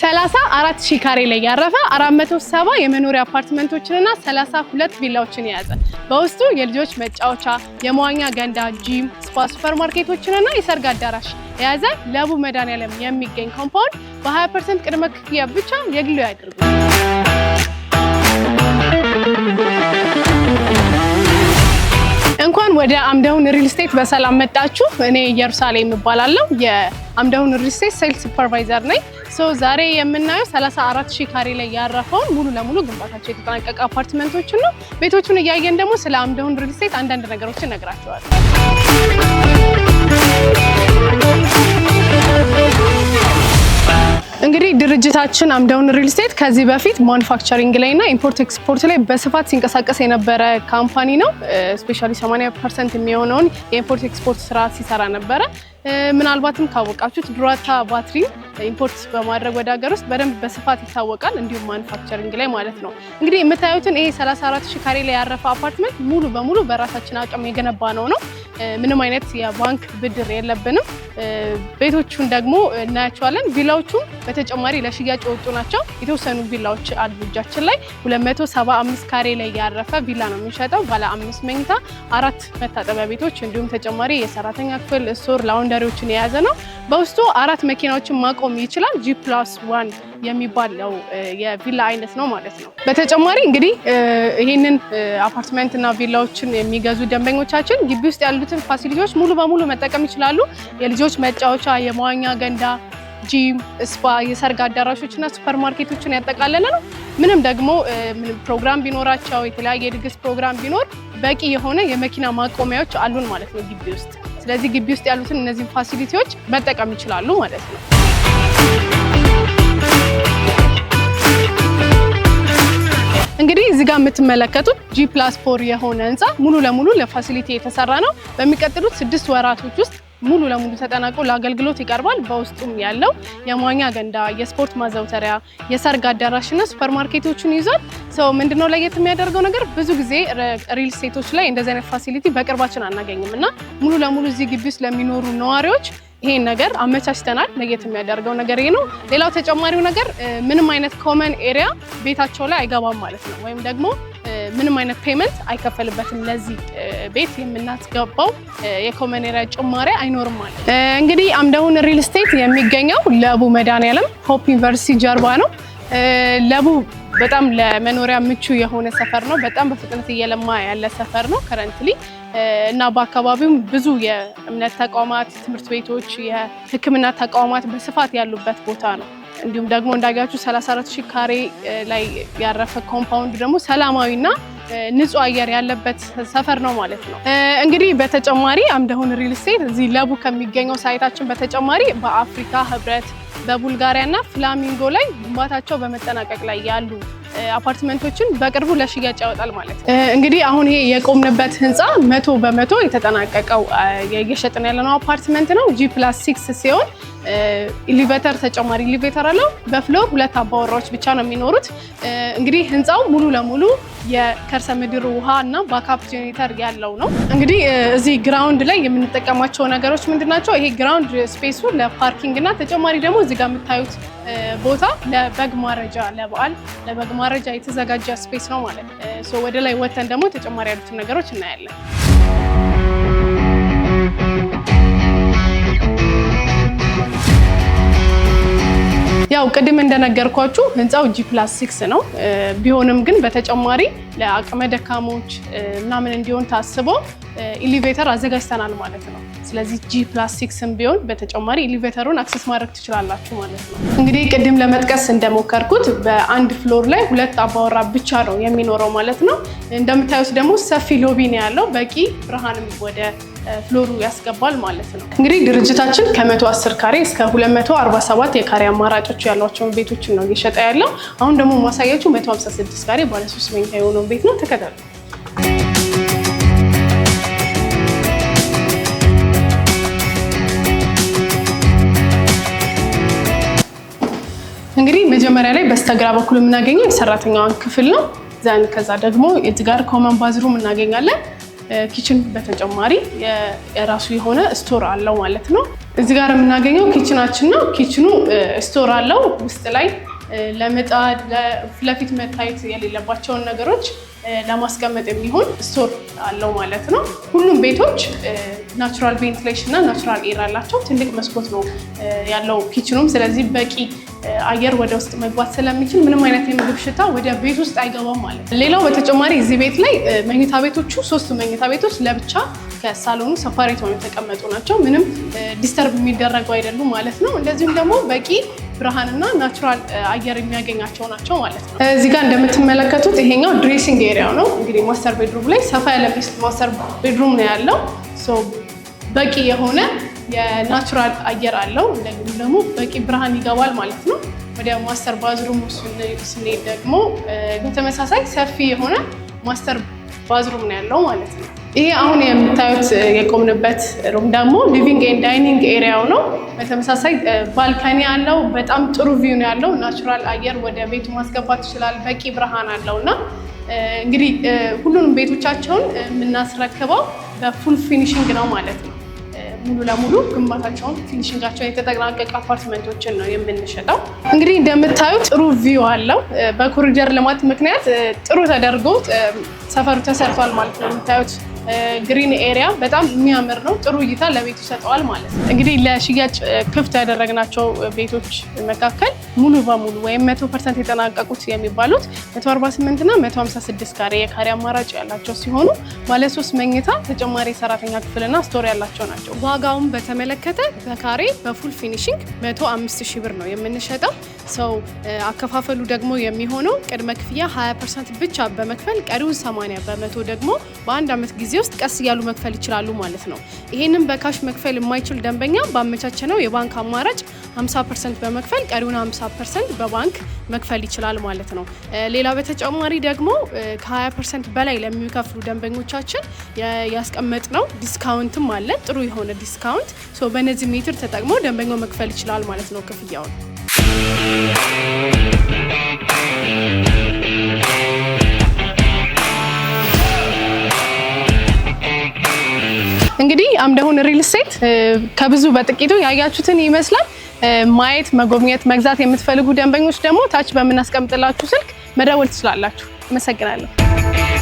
ሰላሳ አራት ሺህ ካሬ ላይ ያረፈ 470 የመኖሪያ አፓርትመንቶችንና 32 ቪላዎችን የያዘ በውስጡ የልጆች መጫወቻ፣ የመዋኛ ገንዳ፣ ጂም፣ ስፓ፣ ሱፐርማርኬቶችንና የሰርግ አዳራሽ የያዘ ለቡ መድኃኔዓለም የሚገኝ ኮምፓውንድ በ20 ፐርሰንት ቅድመ ክፍያ ብቻ የግሎ ያድርጉ። እንኳን ወደ አምደሁን ሪል ስቴት በሰላም መጣችሁ። እኔ ኢየሩሳሌም እባላለሁ። የአምደሁን ሪል ስቴት ሴልስ ሱፐርቫይዘር ነኝ። ዛሬ የምናየው 34 ሺህ ካሬ ላይ ያረፈውን ሙሉ ለሙሉ ግንባታቸው የተጠናቀቀ አፓርትመንቶችን ነው። ቤቶቹን እያየን ደግሞ ስለ አምደውን ሪል ስቴት አንዳንድ ነገሮችን እነግራቸዋለሁ። እንግዲህ ድርጅታችን አምዳውን ሪል ስቴት ከዚህ በፊት ማኑፋክቸሪንግ ላይ እና ኢምፖርት ኤክስፖርት ላይ በስፋት ሲንቀሳቀስ የነበረ ካምፓኒ ነው። ስፔሻሊ 80 ፐርሰንት የሚሆነውን የኢምፖርት ኤክስፖርት ስራ ሲሰራ ነበረ። ምናልባትም ካወቃችሁት ዱራታ ባትሪ ኢምፖርት በማድረግ ወደ ሀገር ውስጥ በደንብ በስፋት ይታወቃል። እንዲሁም ማኑፋክቸሪንግ ላይ ማለት ነው። እንግዲህ የምታዩትን ይሄ 34 ሺህ ካሬ ላይ ያረፈ አፓርትመንት ሙሉ በሙሉ በራሳችን አቅም የገነባ ነው ነው ምንም አይነት የባንክ ብድር የለብንም። ቤቶቹን ደግሞ እናያቸዋለን። ቪላዎቹም በተጨማሪ ለሽያጭ የወጡ ናቸው። የተወሰኑ ቪላዎች አሉ እጃችን ላይ 275 ካሬ ላይ ያረፈ ቪላ ነው የምንሸጠው። ባለ አምስት መኝታ፣ አራት መታጠቢያ ቤቶች እንዲሁም ተጨማሪ የሰራተኛ ክፍል ስቶር፣ ላውንደሪዎችን የያዘ ነው። በውስጡ አራት መኪናዎችን ማቆም ይችላል። ጂ ፕላስ ዋን የሚባለው የቪላ አይነት ነው ማለት ነው። በተጨማሪ እንግዲህ ይህንን አፓርትመንት እና ቪላዎችን የሚገዙ ደንበኞቻችን ግቢ ውስጥ ያሉትን ፋሲሊቲዎች ሙሉ በሙሉ መጠቀም ይችላሉ። የልጆች መጫወቻ፣ የመዋኛ ገንዳ፣ ጂም፣ ስፓ፣ የሰርግ አዳራሾችና ሱፐርማርኬቶችን ያጠቃለለ ነው። ምንም ደግሞ ፕሮግራም ቢኖራቸው የተለያየ የድግስ ፕሮግራም ቢኖር በቂ የሆነ የመኪና ማቆሚያዎች አሉን ማለት ነው ግቢ ውስጥ። ስለዚህ ግቢ ውስጥ ያሉትን እነዚህን ፋሲሊቲዎች መጠቀም ይችላሉ ማለት ነው። እንግዲህ እዚህ ጋር የምትመለከቱት ጂ ፕላስ ፎር የሆነ ህንፃ ሙሉ ለሙሉ ለፋሲሊቲ የተሰራ ነው። በሚቀጥሉት ስድስት ወራቶች ውስጥ ሙሉ ለሙሉ ተጠናቆ ለአገልግሎት ይቀርባል። በውስጡም ያለው የመዋኛ ገንዳ፣ የስፖርት ማዘውተሪያ፣ የሰርግ አዳራሽና ሱፐር ማርኬቶችን ይዟል። ሰው ምንድነው ለየት የሚያደርገው ነገር ብዙ ጊዜ ሪል ስቴቶች ላይ እንደዚህ አይነት ፋሲሊቲ በቅርባችን አናገኝም እና ሙሉ ለሙሉ እዚህ ግቢ ውስጥ ለሚኖሩ ነዋሪዎች ይሄን ነገር አመቻችተናል። ለየት የሚያደርገው ነገር ይሄ ነው። ሌላው ተጨማሪው ነገር ምንም አይነት ኮመን ኤሪያ ቤታቸው ላይ አይገባም ማለት ነው። ወይም ደግሞ ምንም አይነት ፔመንት አይከፈልበትም። ለዚህ ቤት የምናስገባው የኮመን ኤሪያ ጭማሪ አይኖርም ማለት ነው። እንግዲህ አምደሁን ሪል ስቴት የሚገኘው ለቡ መድኃኔዓለም ሆፕ ዩኒቨርሲቲ ጀርባ ነው። ለቡ በጣም ለመኖሪያ ምቹ የሆነ ሰፈር ነው። በጣም በፍጥነት እየለማ ያለ ሰፈር ነው ከረንትሊ እና በአካባቢውም ብዙ የእምነት ተቋማት፣ ትምህርት ቤቶች፣ የሕክምና ተቋማት በስፋት ያሉበት ቦታ ነው። እንዲሁም ደግሞ እንዳያችሁ 34 ሺህ ካሬ ላይ ያረፈ ኮምፓውንድ ደግሞ ሰላማዊና ንጹህ አየር ያለበት ሰፈር ነው ማለት ነው። እንግዲህ በተጨማሪ አምደሁን ሪል ስቴት እዚህ ለቡ ከሚገኘው ሳይታችን በተጨማሪ በአፍሪካ ህብረት በቡልጋሪያና ፍላሚንጎ ላይ ግንባታቸው በመጠናቀቅ ላይ ያሉ አፓርትመንቶችን በቅርቡ ለሽያጭ ያወጣል ማለት ነው። እንግዲህ አሁን ይሄ የቆምንበት ህንፃ መቶ በመቶ የተጠናቀቀው እየሸጥን ያለነው አፓርትመንት ነው። ጂ ፕላስ ሲክስ ሲሆን ኢሊቬተር ተጨማሪ ኢሊቬተር አለው። በፍሎር ሁለት አባወራዎች ብቻ ነው የሚኖሩት። እንግዲህ ህንፃው ሙሉ ለሙሉ የከርሰ ምድር ውሃ እና ባካፕ ጄኔተር ያለው ነው። እንግዲህ እዚህ ግራውንድ ላይ የምንጠቀማቸው ነገሮች ምንድን ናቸው? ይሄ ግራውንድ ስፔሱ ለፓርኪንግ እና ተጨማሪ ደግሞ እዚህ ጋር የምታዩት ቦታ ለበግ ማረጃ ለበዓል ለበግ ማረጃ የተዘጋጀ ስፔስ ነው ማለት ነው። ወደ ላይ ወተን ደግሞ ተጨማሪ ያሉትን ነገሮች እናያለን። ያው ቅድም እንደነገርኳችሁ ህንፃው ጂ ፕላስ ሲክስ ነው። ቢሆንም ግን በተጨማሪ ለአቅመ ደካሞች ምናምን እንዲሆን ታስቦ ኢሊቬተር አዘጋጅተናል ማለት ነው። ስለዚህ ጂ ፕላስ ሲክስም ቢሆን በተጨማሪ ኢሊቬተሩን አክሰስ ማድረግ ትችላላችሁ ማለት ነው። እንግዲህ ቅድም ለመጥቀስ እንደሞከርኩት በአንድ ፍሎር ላይ ሁለት አባወራ ብቻ ነው የሚኖረው ማለት ነው። እንደምታዩት ደግሞ ሰፊ ሎቢ ነው ያለው በቂ ብርሃንም ወደ ፍሎሩ ያስገባል ማለት ነው። እንግዲህ ድርጅታችን ከ110 ካሬ እስከ 247 የካሬ አማራጮች ያሏቸውን ቤቶችን ነው እየሸጠ ያለው። አሁን ደግሞ ማሳያችሁ 156 ካሬ ባለሶስት መኝታ የሆነውን ቤት ነው። ተከታተሉ። እንግዲህ መጀመሪያ ላይ በስተግራ በኩል የምናገኘው የሰራተኛዋን ክፍል ነው። ዘን ከዛ ደግሞ እዚህ ጋር ኮመን ባዝሩም እናገኛለን። ኪችን በተጨማሪ የራሱ የሆነ ስቶር አለው ማለት ነው። እዚህ ጋር የምናገኘው ኪችናችን ነው። ኪችኑ ስቶር አለው ውስጥ ላይ ለምጣድ ለፊት መታየት የሌለባቸውን ነገሮች ለማስቀመጥ የሚሆን ስቶር አለው ማለት ነው። ሁሉም ቤቶች ናቹራል ቬንቲሌሽን እና ናቹራል ኤር አላቸው። ትልቅ መስኮት ነው ያለው ኪችኑም። ስለዚህ በቂ አየር ወደ ውስጥ መግባት ስለሚችል ምንም አይነት የምግብ ሽታ ወደ ቤት ውስጥ አይገባም ማለት ነው። ሌላው በተጨማሪ እዚህ ቤት ላይ መኝታ ቤቶቹ ሶስቱ መኝታ ቤቶች ለብቻ ከሳሎኑ ሰፓሬት ሆነው የተቀመጡ ናቸው። ምንም ዲስተርብ የሚደረጉ አይደሉም ማለት ነው። እንደዚሁም ደግሞ በቂ ብርሃንና ናቹራል አየር የሚያገኛቸው ናቸው ማለት ነው። እዚህ ጋር እንደምትመለከቱት ይሄኛው ድሬሲንግ ኤሪያው ነው። እንግዲህ ማስተር ቤድሩም ላይ ሰፋ ያለ ማስተር ቤድሩም ነው ያለው በቂ የሆነ የናቹራል አየር አለው። እንደዚሁም ደግሞ በቂ ብርሃን ይገባል ማለት ነው። ወደ ማስተር ባዝሩም ስንሄድ ደግሞ በተመሳሳይ ሰፊ የሆነ ማስተር ባዝሩም ነው ያለው ማለት ነው። ይሄ አሁን የምታዩት የቆምንበት ሩም ደግሞ ሊቪንግ ኤንድ ዳይኒንግ ኤሪያው ነው። በተመሳሳይ ባልካኒ አለው። በጣም ጥሩ ቪው ነው ያለው። ናቹራል አየር ወደ ቤቱ ማስገባት ይችላል። በቂ ብርሃን አለው እና እንግዲህ ሁሉንም ቤቶቻቸውን የምናስረክበው በፉል ፊኒሽንግ ነው ማለት ነው። ሙሉ ለሙሉ ግንባታቸውን ፊኒሽንጋቸውን የተጠናቀቀ አፓርትመንቶችን ነው የምንሸጠው። እንግዲህ እንደምታዩት ጥሩ ቪው አለው። በኮሪደር ልማት ምክንያት ጥሩ ተደርጎ ሰፈሩ ተሰርቷል ማለት ነው የምታዩት ግሪን ኤሪያ በጣም የሚያምር ነው። ጥሩ እይታ ለቤት ይሰጠዋል ማለት ነው። እንግዲህ ለሽያጭ ክፍት ያደረግናቸው ቤቶች መካከል ሙሉ በሙሉ ወይም መቶ ፐርሰንት የጠናቀቁት የሚባሉት 148 እና 156 ካሬ የካሬ አማራጭ ያላቸው ሲሆኑ ባለ መኝታ ተጨማሪ ሰራተኛ ክፍልና ስቶር ያላቸው ናቸው። ዋጋውን በተመለከተ በካሬ በፉል ፊኒሽንግ 105 ሺ ብር ነው የምንሸጠው። ሰው አከፋፈሉ ደግሞ የሚሆነው ቅድመ ክፍያ 20 ፐርሰንት ብቻ በመክፈል ቀሪውን 80 በመቶ ደግሞ በአንድ ዓመት ጊዜ ውስጥ ቀስ እያሉ መክፈል ይችላሉ ማለት ነው። ይህንን በካሽ መክፈል የማይችል ደንበኛ ባመቻቸነው የባንክ አማራጭ 50 ፐርሰንት በመክፈል ቀሪውን 50 ፐርሰንት በባንክ መክፈል ይችላል ማለት ነው። ሌላ በተጨማሪ ደግሞ ከ20 ፐርሰንት በላይ ለሚከፍሉ ደንበኞቻችን ያስቀመጥነው ዲስካውንትም አለ ጥሩ የሆነ ዲስካውንት በነዚህ ሜትር ተጠቅሞ ደንበኛው መክፈል ይችላል ማለት ነው ክፍያውን እንግዲህ አምደሆን ሪል ስቴት ከብዙ በጥቂቱ ያያችሁትን ይመስላል። ማየት፣ መጎብኘት፣ መግዛት የምትፈልጉ ደንበኞች ደግሞ ታች በምናስቀምጥላችሁ ስልክ መደወል ትችላላችሁ። አመሰግናለሁ።